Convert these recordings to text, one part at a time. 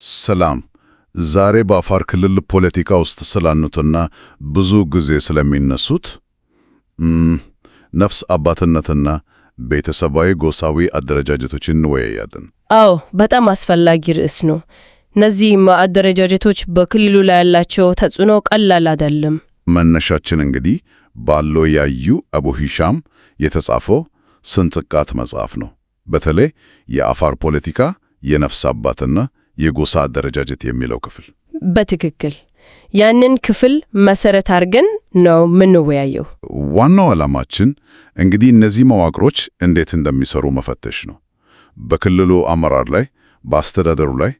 ሰላም። ዛሬ በአፋር ክልል ፖለቲካ ውስጥ ስላኑትና ብዙ ጊዜ ስለሚነሱት ነፍስ አባትነትና ቤተሰባዊ ጎሳዊ አደረጃጀቶችን እንወያያለን። አዎ፣ በጣም አስፈላጊ ርዕስ ነው። እነዚህ አደረጃጀቶች በክልሉ ላይ ያላቸው ተጽዕኖ ቀላል አይደለም። መነሻችን እንግዲህ ባሎ ያዩ አቡ ሂሻም የተጻፈው ስንጥቃት መጽሐፍ ነው። በተለይ የአፋር ፖለቲካ የነፍስ አባትና የጎሳ አደረጃጀት የሚለው ክፍል በትክክል ያንን ክፍል መሰረት አድርገን ነው የምንወያየው። ዋናው ዓላማችን እንግዲህ እነዚህ መዋቅሮች እንዴት እንደሚሰሩ መፈተሽ ነው። በክልሉ አመራር ላይ፣ በአስተዳደሩ ላይ፣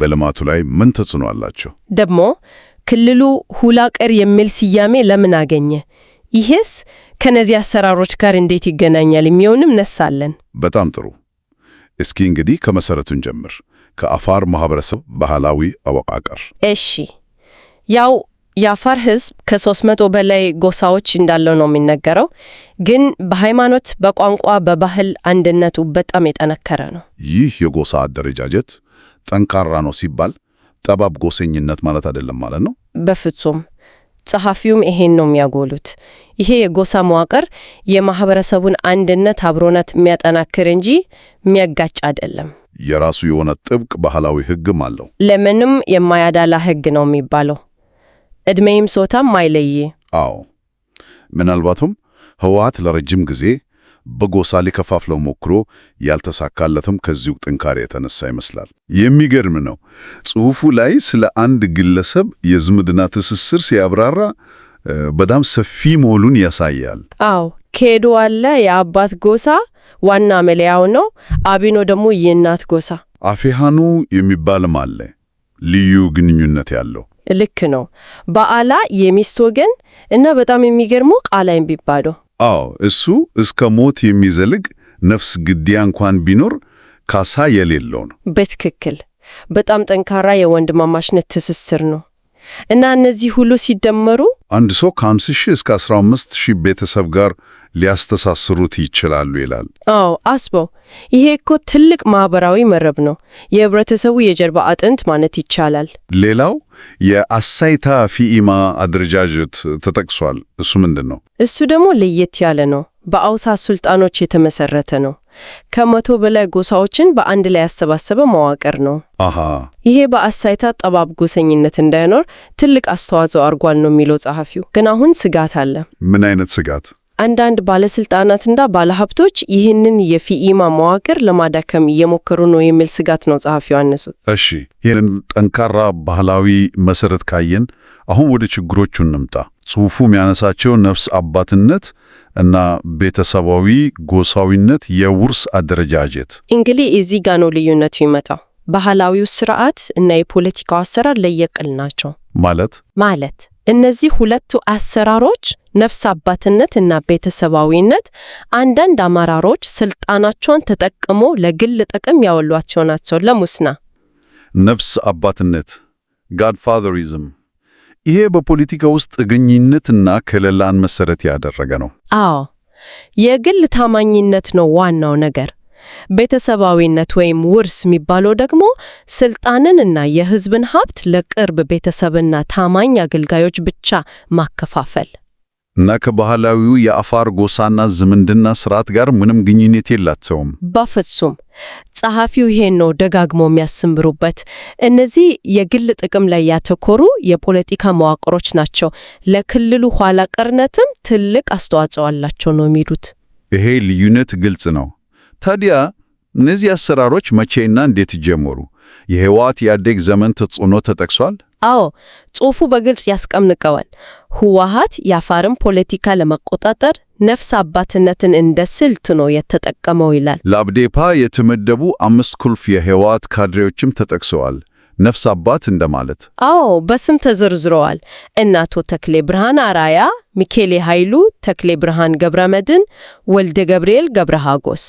በልማቱ ላይ ምን ተጽዕኖ አላቸው? ደግሞ ክልሉ ሁላቀር የሚል ስያሜ ለምን አገኘ? ይሄስ ከነዚህ አሰራሮች ጋር እንዴት ይገናኛል? የሚሆንም ነሳለን። በጣም ጥሩ። እስኪ እንግዲህ ከመሰረቱን ጀምር። ከአፋር ማህበረሰብ ባህላዊ አወቃቀር። እሺ፣ ያው የአፋር ህዝብ ከሶስት መቶ በላይ ጎሳዎች እንዳለው ነው የሚነገረው። ግን በሃይማኖት፣ በቋንቋ፣ በባህል አንድነቱ በጣም የጠነከረ ነው። ይህ የጎሳ አደረጃጀት ጠንካራ ነው ሲባል ጠባብ ጎሰኝነት ማለት አይደለም ማለት ነው። በፍጹም። ጸሐፊውም ይሄን ነው የሚያጎሉት። ይሄ የጎሳ መዋቅር የማህበረሰቡን አንድነት፣ አብሮነት የሚያጠናክር እንጂ የሚያጋጭ አይደለም። የራሱ የሆነ ጥብቅ ባህላዊ ህግም አለው። ለምንም የማያዳላ ህግ ነው የሚባለው። እድሜም ሶታም አይለይ። አዎ፣ ምናልባትም ህወሓት ለረጅም ጊዜ በጎሳ ሊከፋፍለው ሞክሮ ያልተሳካለትም ከዚሁ ጥንካሬ የተነሳ ይመስላል። የሚገርም ነው። ጽሑፉ ላይ ስለ አንድ ግለሰብ የዝምድና ትስስር ሲያብራራ በጣም ሰፊ መሆኑን ያሳያል። አዎ፣ ከሄዱ አለ የአባት ጎሳ ዋና መለያው ነው። አቢኖ ደግሞ የእናት ጎሳ አፌሃኑ የሚባልም አለ፣ ልዩ ግንኙነት ያለው ልክ ነው። በአላ የሚስት ወገን እና በጣም የሚገርመው ቃላ የሚባለው አዎ፣ እሱ እስከ ሞት የሚዘልቅ ነፍስ ግድያ እንኳን ቢኖር ካሳ የሌለው ነው። በትክክል በጣም ጠንካራ የወንድማማችነት ትስስር ነው እና እነዚህ ሁሉ ሲደመሩ አንድ ሰው ከ5000 እስከ 15ስ ሺህ ቤተሰብ ጋር ሊያስተሳስሩት ይችላሉ ይላል። አዎ አስበው፣ ይሄ እኮ ትልቅ ማህበራዊ መረብ ነው፣ የህብረተሰቡ የጀርባ አጥንት ማለት ይቻላል። ሌላው የአሳይታ ፊኢማ አደረጃጀት ተጠቅሷል። እሱ ምንድን ነው? እሱ ደግሞ ለየት ያለ ነው። በአውሳ ሱልጣኖች የተመሰረተ ነው። ከመቶ በላይ ጎሳዎችን በአንድ ላይ ያሰባሰበ መዋቅር ነው። አሃ ይሄ በአሳይታ ጠባብ ጎሰኝነት እንዳይኖር ትልቅ አስተዋጽኦ አርጓል ነው የሚለው ጸሐፊው። ግን አሁን ስጋት አለ። ምን አይነት ስጋት? አንዳንድ ባለስልጣናትና ባለሀብቶች ይህንን የፊኢማ መዋቅር ለማዳከም እየሞከሩ ነው የሚል ስጋት ነው ጸሐፊው ያነሱት። እሺ፣ ይህንን ጠንካራ ባህላዊ መሰረት ካየን አሁን ወደ ችግሮቹ እንምጣ። ጽሑፉ የሚያነሳቸው ነፍስ አባትነት እና ቤተሰባዊ ጎሳዊነት የውርስ አደረጃጀት እንግዲህ እዚህ ጋ ነው ልዩነቱ ይመጣ። ባህላዊው ስርዓት እና የፖለቲካው አሰራር ለየቅል ናቸው። ማለት ማለት እነዚህ ሁለቱ አሰራሮች ነፍስ አባትነት እና ቤተሰባዊነት አንዳንድ አመራሮች ስልጣናቸውን ተጠቅሞ ለግል ጥቅም ያወሏቸው ናቸው። ለሙስና ነፍስ አባትነት ጋድፋዘሪዝም ይሄ በፖለቲካ ውስጥ ጥገኝነትና ከለላን መሰረት ያደረገ ነው። አዎ የግል ታማኝነት ነው ዋናው ነገር። ቤተሰባዊነት ወይም ውርስ የሚባለው ደግሞ ስልጣንን እና የህዝብን ሀብት ለቅርብ ቤተሰብና ታማኝ አገልጋዮች ብቻ ማከፋፈል እና ከባህላዊው የአፋር ጎሳና ዝምንድና ስርዓት ጋር ምንም ግንኙነት የላቸውም። በፍጹም። ጸሐፊው ይሄን ነው ደጋግሞ የሚያስምሩበት። እነዚህ የግል ጥቅም ላይ ያተኮሩ የፖለቲካ መዋቅሮች ናቸው፣ ለክልሉ ኋላ ቀርነትም ትልቅ አስተዋጽኦ አላቸው ነው የሚሉት። ይሄ ልዩነት ግልጽ ነው። ታዲያ እነዚህ አሰራሮች መቼና እንዴት ጀመሩ? የህወሓት የኢህአዴግ ዘመን ተጽዕኖ ተጠቅሷል? አዎ፣ ጽሑፉ በግልጽ ያስቀምንቀዋል። ህወሓት የአፋርን ፖለቲካ ለመቆጣጠር ነፍስ አባትነትን እንደ ስልት ነው የተጠቀመው ይላል። ለአብዴፓ የተመደቡ አምስት ቁልፍ የህወሓት ካድሬዎችም ተጠቅሰዋል። ነፍስ አባት እንደማለት። አዎ በስም ተዘርዝረዋል። እነ አቶ ተክሌ ብርሃን አራያ፣ ሚካኤሌ ኃይሉ፣ ተክሌ ብርሃን ገብረ መድን፣ ወልደ ገብርኤል ገብረ ሐጎስ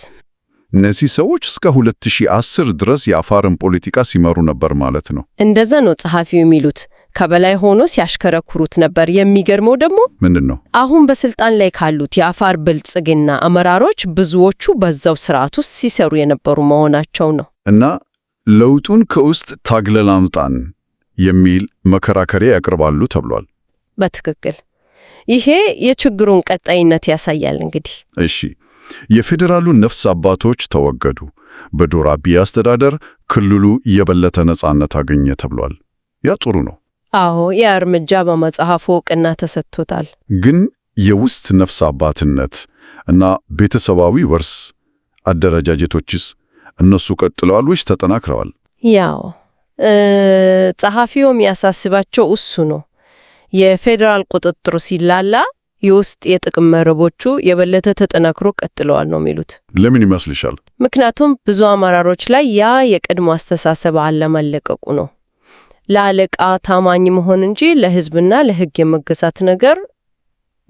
እነዚህ ሰዎች እስከ 2010 ድረስ የአፋርን ፖለቲካ ሲመሩ ነበር ማለት ነው። እንደዛ ነው ጸሐፊው የሚሉት። ከበላይ ሆኖ ሲያሽከረክሩት ነበር። የሚገርመው ደግሞ ምንድን ነው? አሁን በስልጣን ላይ ካሉት የአፋር ብልጽግና አመራሮች ብዙዎቹ በዛው ስርዓት ውስጥ ሲሰሩ የነበሩ መሆናቸው ነው። እና ለውጡን ከውስጥ ታግለን አምጣን የሚል መከራከሪያ ያቀርባሉ ተብሏል። በትክክል ይሄ የችግሩን ቀጣይነት ያሳያል። እንግዲህ እሺ የፌዴራሉ ነፍስ አባቶች ተወገዱ። በዶር አብይ አስተዳደር ክልሉ የበለጠ ነጻነት አገኘ ተብሏል። ያ ጥሩ ነው። አዎ ያ እርምጃ በመጽሐፉ እውቅና ተሰጥቶታል። ግን የውስጥ ነፍስ አባትነት እና ቤተሰባዊ ወርስ አደረጃጀቶችስ እነሱ ቀጥለዋል ወይስ ተጠናክረዋል? ያው ጸሐፊው የሚያሳስባቸው እሱ ነው። የፌዴራል ቁጥጥሩ ሲላላ የውስጥ የጥቅም መረቦቹ የበለተ ተጠናክሮ ቀጥለዋል ነው የሚሉት። ለምን ይመስልሻል? ምክንያቱም ብዙ አመራሮች ላይ ያ የቀድሞ አስተሳሰብ አለመለቀቁ ነው። ለአለቃ ታማኝ መሆን እንጂ ለህዝብና ለህግ የመገዛት ነገር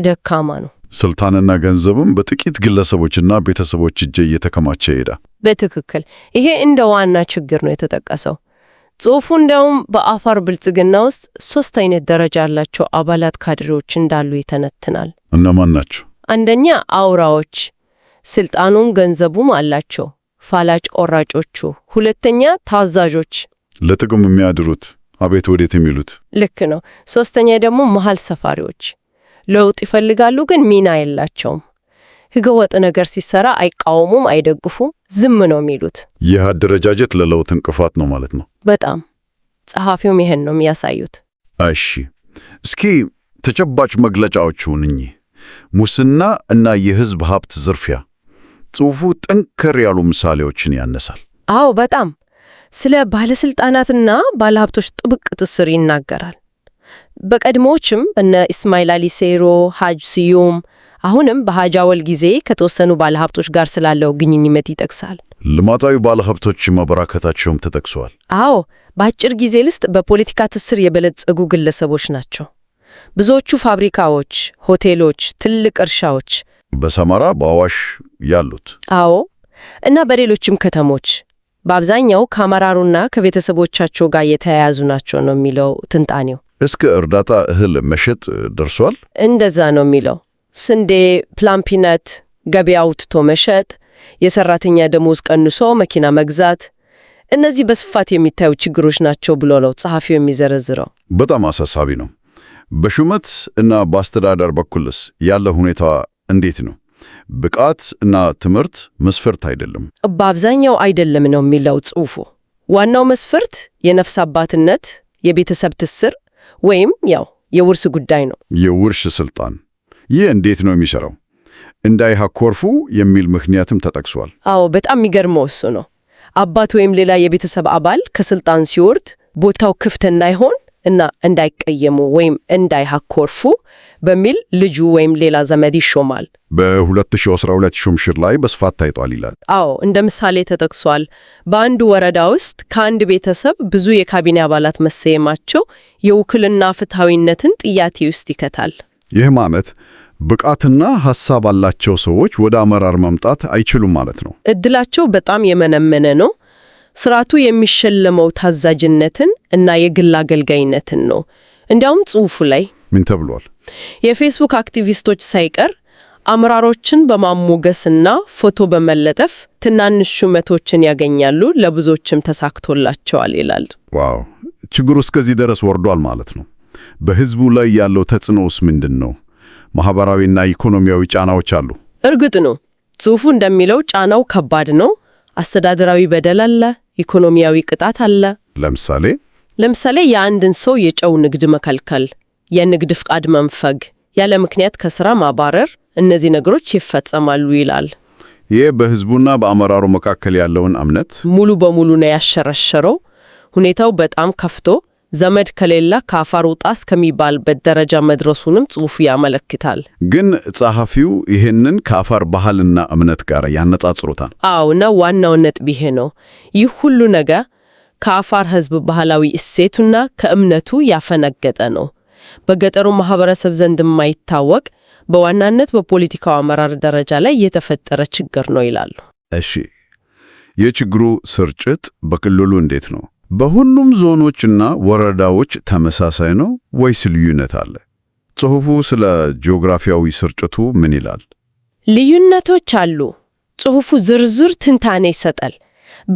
ደካማ ነው። ስልጣንና ገንዘብም በጥቂት ግለሰቦችና ቤተሰቦች እጅ እየተከማቸ ይሄዳል። በትክክል ይሄ እንደ ዋና ችግር ነው የተጠቀሰው። ጽሑፉ እንዲያውም በአፋር ብልጽግና ውስጥ ሶስት አይነት ደረጃ ያላቸው አባላት ካድሬዎች እንዳሉ ይተነትናል። እነማን ናቸው? አንደኛ አውራዎች፣ ስልጣኑም ገንዘቡም አላቸው፣ ፋላጭ ቆራጮቹ። ሁለተኛ ታዛዦች፣ ለጥቅም የሚያድሩት አቤት ወዴት የሚሉት። ልክ ነው። ሶስተኛ ደግሞ መሀል ሰፋሪዎች፣ ለውጥ ይፈልጋሉ ግን ሚና የላቸውም። ህገወጥ ነገር ሲሰራ አይቃወሙም፣ አይደግፉም፣ ዝም ነው የሚሉት። ይህ አደረጃጀት ለለውጥ እንቅፋት ነው ማለት ነው። በጣም ጸሐፊውም ይሄን ነው የሚያሳዩት። እሺ እስኪ ተጨባጭ መግለጫዎቹን እኚህ ሙስና እና የህዝብ ሀብት ዝርፊያ ጽሑፉ ጠንከር ያሉ ምሳሌዎችን ያነሳል። አዎ በጣም ስለ ባለስልጣናትና ባለሀብቶች ጥብቅ ትስስር ይናገራል። በቀድሞዎችም እነ ኢስማኤል አሊሴሮ ሀጅ ስዩም አሁንም በሀጃወል አወል ጊዜ ከተወሰኑ ባለሀብቶች ጋር ስላለው ግንኙነት ይጠቅሳል። ልማታዊ ባለሀብቶች መበራከታቸውም ተጠቅሰዋል። አዎ፣ በአጭር ጊዜ ውስጥ በፖለቲካ ትስር የበለጸጉ ግለሰቦች ናቸው። ብዙዎቹ ፋብሪካዎች፣ ሆቴሎች፣ ትልቅ እርሻዎች በሰማራ በአዋሽ ያሉት አዎ፣ እና በሌሎችም ከተሞች በአብዛኛው ከአመራሩና ከቤተሰቦቻቸው ጋር የተያያዙ ናቸው ነው የሚለው ትንጣኔው እስከ እርዳታ እህል መሸጥ ደርሷል። እንደዛ ነው የሚለው። ስንዴ፣ ፕላምፒነት ገበያ አውጥቶ መሸጥ፣ የሰራተኛ ደሞዝ ቀንሶ መኪና መግዛት፣ እነዚህ በስፋት የሚታዩ ችግሮች ናቸው ብሎ ነው ጸሐፊው የሚዘረዝረው። በጣም አሳሳቢ ነው። በሹመት እና በአስተዳደር በኩልስ ያለ ሁኔታ እንዴት ነው? ብቃት እና ትምህርት መስፈርት አይደለም፣ በአብዛኛው አይደለም ነው የሚለው ጽሑፉ። ዋናው መስፈርት የነፍስ አባትነት፣ የቤተሰብ ትስር ወይም ያው የውርስ ጉዳይ ነው። የውርሽ ስልጣን ይህ እንዴት ነው የሚሰራው? እንዳይኮርፉ የሚል ምክንያትም ተጠቅሷል። አዎ በጣም የሚገርመው እሱ ነው። አባት ወይም ሌላ የቤተሰብ አባል ከስልጣን ሲወርድ ቦታው ክፍት እንዳይሆን እና እንዳይቀየሙ ወይም እንዳይኮርፉ በሚል ልጁ ወይም ሌላ ዘመድ ይሾማል። በ2012 ሹምሽር ላይ በስፋት ታይቷል ይላል። አዎ እንደ ምሳሌ ተጠቅሷል። በአንድ ወረዳ ውስጥ ከአንድ ቤተሰብ ብዙ የካቢኔ አባላት መሰየማቸው የውክልና ፍትሐዊነትን ጥያቄ ውስጥ ይከታል። ይህም ዓመት ብቃትና ሐሳብ አላቸው ሰዎች ወደ አመራር መምጣት አይችሉም ማለት ነው። እድላቸው በጣም የመነመነ ነው። ስርዓቱ የሚሸለመው ታዛዥነትን እና የግል አገልጋይነትን ነው። እንዲያውም ጽሑፉ ላይ ምን ተብሏል? የፌስቡክ አክቲቪስቶች ሳይቀር አመራሮችን በማሞገስና ፎቶ በመለጠፍ ትናንሽ ሹመቶችን ያገኛሉ፣ ለብዙዎችም ተሳክቶላቸዋል ይላል። ዋው! ችግሩ እስከዚህ ድረስ ወርዷል ማለት ነው። በህዝቡ ላይ ያለው ተጽኖስ ምንድን ነው? ማህበራዊና ኢኮኖሚያዊ ጫናዎች አሉ። እርግጥ ነው ጽሑፉ እንደሚለው ጫናው ከባድ ነው። አስተዳደራዊ በደል አለ፣ ኢኮኖሚያዊ ቅጣት አለ። ለምሳሌ ለምሳሌ የአንድን ሰው የጨው ንግድ መከልከል፣ የንግድ ፍቃድ መንፈግ፣ ያለ ምክንያት ከሥራ ማባረር፣ እነዚህ ነገሮች ይፈጸማሉ ይላል። ይህ በሕዝቡና በአመራሩ መካከል ያለውን እምነት ሙሉ በሙሉ ነው ያሸረሸረው። ሁኔታው በጣም ከፍቶ ዘመድ ከሌላ ከአፋር ውጣ እስከሚባልበት ደረጃ መድረሱንም ጽሑፉ ያመለክታል። ግን ጸሐፊው ይህንን ከአፋር ባህልና እምነት ጋር ያነጻጽሩታል። አዎና ዋናው ነጥብ ይሄ ነው። ይህ ሁሉ ነገር ከአፋር ሕዝብ ባህላዊ እሴቱና ከእምነቱ ያፈነገጠ ነው። በገጠሩ ማህበረሰብ ዘንድ የማይታወቅ በዋናነት በፖለቲካው አመራር ደረጃ ላይ የተፈጠረ ችግር ነው ይላሉ። እሺ፣ የችግሩ ስርጭት በክልሉ እንዴት ነው? በሁሉም ዞኖችና ወረዳዎች ተመሳሳይ ነው ወይስ ልዩነት አለ? ጽሑፉ ስለ ጂኦግራፊያዊ ስርጭቱ ምን ይላል? ልዩነቶች አሉ። ጽሑፉ ዝርዝር ትንታኔ ይሰጣል።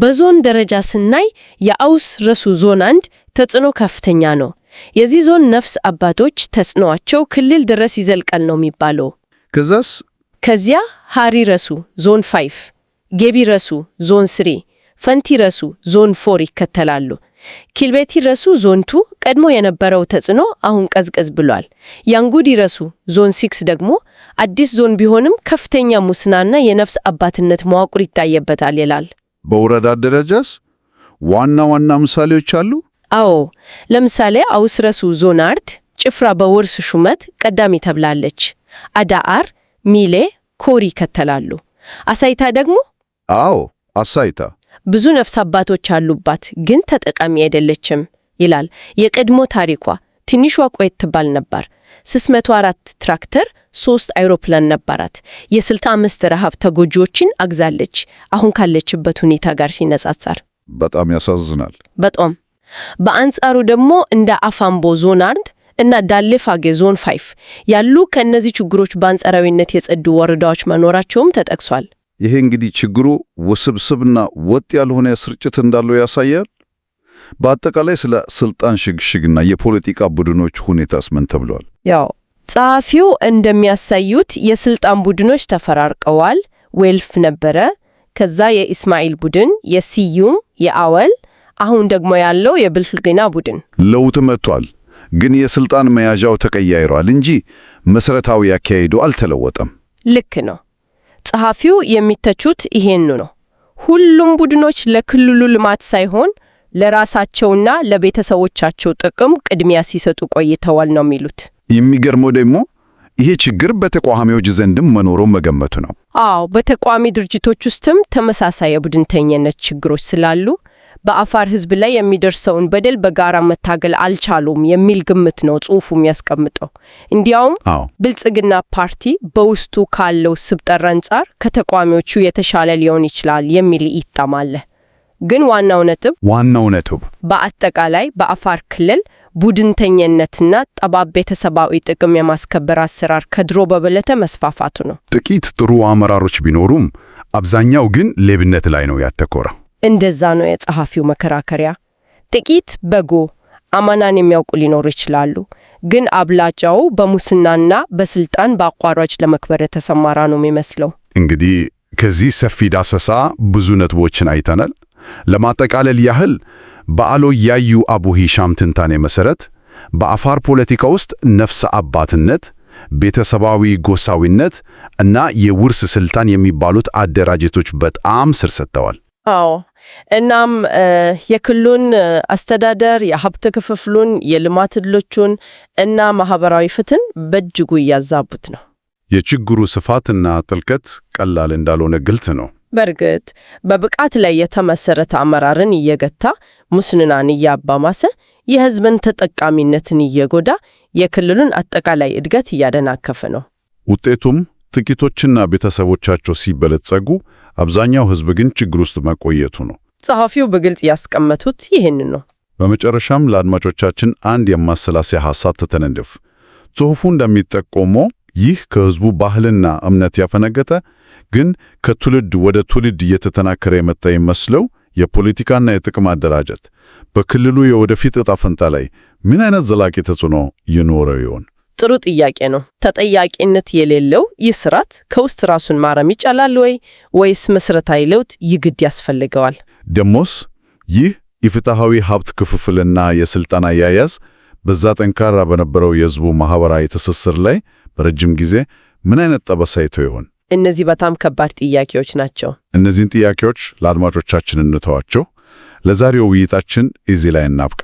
በዞን ደረጃ ስናይ የአውስ ረሱ ዞን አንድ ተጽዕኖ ከፍተኛ ነው። የዚህ ዞን ነፍስ አባቶች ተጽዕኖአቸው ክልል ድረስ ይዘልቃል ነው የሚባለው። ከዛስ ከዚያ ሃሪ ረሱ ዞን 5 ጌቢ ረሱ ዞን ስሪ ረሱ ዞን ፎር ይከተላሉ። ረሱ ዞን ቱ ቀድሞ የነበረው ተጽዕኖ አሁን ቀዝቀዝ ብሏል። ረሱ ዞን ሲክስ ደግሞ አዲስ ዞን ቢሆንም ከፍተኛ ሙስናና የነፍስ አባትነት መዋቅር ይታየበታል ይላል። በወረዳ ደረጃስ ዋና ዋና ምሳሌዎች አሉ? አዎ፣ ለምሳሌ አውስረሱ ዞን አርት ጭፍራ በውርስ ሹመት ቀዳሚ ተብላለች። አዳአር፣ ሚሌ፣ ኮሪ ይከተላሉ። አሳይታ ደግሞ አዎ አሳይታ ብዙ ነፍስ አባቶች አሉባት፣ ግን ተጠቃሚ አይደለችም ይላል የቀድሞ ታሪኳ። ትንሿ ቆየት ትባል ነበር። 604 ትራክተር፣ ሶስት አይሮፕላን ነበራት። የ65 ረሃብ ተጎጂዎችን አግዛለች፣ አሁን ካለችበት ሁኔታ ጋር ሲነጻጸር። በጣም ያሳዝናል። በጣም በአንጻሩ ደግሞ እንደ አፋምቦ ዞን አንድ እና ዳሌፋጌ ዞን ፋይፍ ያሉ ከእነዚህ ችግሮች በአንጻራዊነት የጸዱ ወረዳዎች መኖራቸውም ተጠቅሷል። ይሄ እንግዲህ ችግሩ ውስብስብና ወጥ ያልሆነ ስርጭት እንዳለው ያሳያል። በአጠቃላይ ስለ ስልጣን ሽግሽግና የፖለቲካ ቡድኖች ሁኔታስ ምን ተብሏል? ያው ጸሐፊው እንደሚያሳዩት የስልጣን ቡድኖች ተፈራርቀዋል። ዌልፍ ነበረ፣ ከዛ የኢስማኤል ቡድን፣ የስዩም፣ የአወል፣ አሁን ደግሞ ያለው የብልጽግና ቡድን። ለውጥ መጥቷል፣ ግን የስልጣን መያዣው ተቀያይሯል እንጂ መሰረታዊ አካሄዱ አልተለወጠም። ልክ ነው። ጸሐፊው የሚተቹት ይሄኑ ነው። ሁሉም ቡድኖች ለክልሉ ልማት ሳይሆን ለራሳቸውና ለቤተሰቦቻቸው ጥቅም ቅድሚያ ሲሰጡ ቆይተዋል ነው የሚሉት። የሚገርመው ደግሞ ይሄ ችግር በተቋሚዎች ዘንድም መኖሩ መገመቱ ነው። አዎ፣ በተቋሚ ድርጅቶች ውስጥም ተመሳሳይ የቡድንተኝነት ችግሮች ስላሉ በአፋር ህዝብ ላይ የሚደርሰውን በደል በጋራ መታገል አልቻሉም የሚል ግምት ነው ጽሁፉ የሚያስቀምጠው። እንዲያውም ብልጽግና ፓርቲ በውስጡ ካለው ስብጠር አንጻር ከተቃዋሚዎቹ የተሻለ ሊሆን ይችላል የሚል እይታም አለ። ግን ዋናው ነጥብ ዋናው ነጥብ በአጠቃላይ በአፋር ክልል ቡድንተኝነትና ጠባብ ቤተሰባዊ ጥቅም የማስከበር አሰራር ከድሮ በበለጠ መስፋፋቱ ነው። ጥቂት ጥሩ አመራሮች ቢኖሩም አብዛኛው ግን ሌብነት ላይ ነው ያተኮረው። እንደዛ ነው የጸሐፊው መከራከሪያ። ጥቂት በጎ አማናን የሚያውቁ ሊኖሩ ይችላሉ፣ ግን አብላጫው በሙስናና በስልጣን በአቋራጭ ለመክበር የተሰማራ ነው የሚመስለው። እንግዲህ ከዚህ ሰፊ ዳሰሳ ብዙ ነጥቦችን አይተናል። ለማጠቃለል ያህል በአሎ ያዩ አቡ ሂሻም ትንታኔ መሠረት በአፋር ፖለቲካ ውስጥ ነፍሰ አባትነት፣ ቤተሰባዊ ጎሳዊነት እና የውርስ ስልጣን የሚባሉት አደራጀቶች በጣም ስር ሰጥተዋል። አዎ። እናም የክልሉን አስተዳደር የሀብት ክፍፍሉን፣ የልማት እድሎቹን እና ማህበራዊ ፍትህን በእጅጉ እያዛቡት ነው። የችግሩ ስፋትና ጥልቀት ቀላል እንዳልሆነ ግልጽ ነው። በእርግጥ በብቃት ላይ የተመሰረተ አመራርን እየገታ ሙስንናን እያባማሰ የህዝብን ተጠቃሚነትን እየጎዳ የክልሉን አጠቃላይ እድገት እያደናከፈ ነው። ውጤቱም ጥቂቶችና ቤተሰቦቻቸው ሲበለጸጉ፣ አብዛኛው ህዝብ ግን ችግር ውስጥ መቆየቱ ነው። ጸሐፊው በግልጽ ያስቀመጡት ይህን ነው። በመጨረሻም ለአድማጮቻችን አንድ የማሰላሰያ ሐሳብ ተተነድፍ። ጽሑፉ እንደሚጠቆመው ይህ ከህዝቡ ባህልና እምነት ያፈነገጠ ግን ከትውልድ ወደ ትውልድ እየተተናከረ የመጣ ይመስለው የፖለቲካና የጥቅም አደራጀት በክልሉ የወደፊት ዕጣ ፈንታ ላይ ምን አይነት ዘላቂ ተጽዕኖ ይኖረው ይሆን? ጥሩ ጥያቄ ነው። ተጠያቂነት የሌለው ይህ ስርዓት ከውስጥ ራሱን ማረም ይጫላል ወይ ወይስ መሰረታዊ ለውጥ ይግድ ያስፈልገዋል? ደሞስ ይህ የፍትሐዊ ሀብት ክፍፍልና የስልጣን አያያዝ በዛ ጠንካራ በነበረው የህዝቡ ማህበራዊ ትስስር ላይ በረጅም ጊዜ ምን አይነት ጠበሳይቶ ይሆን? እነዚህ በጣም ከባድ ጥያቄዎች ናቸው። እነዚህን ጥያቄዎች ለአድማጮቻችን እንተዋቸው። ለዛሬው ውይይታችን እዚህ ላይ እናብቃ።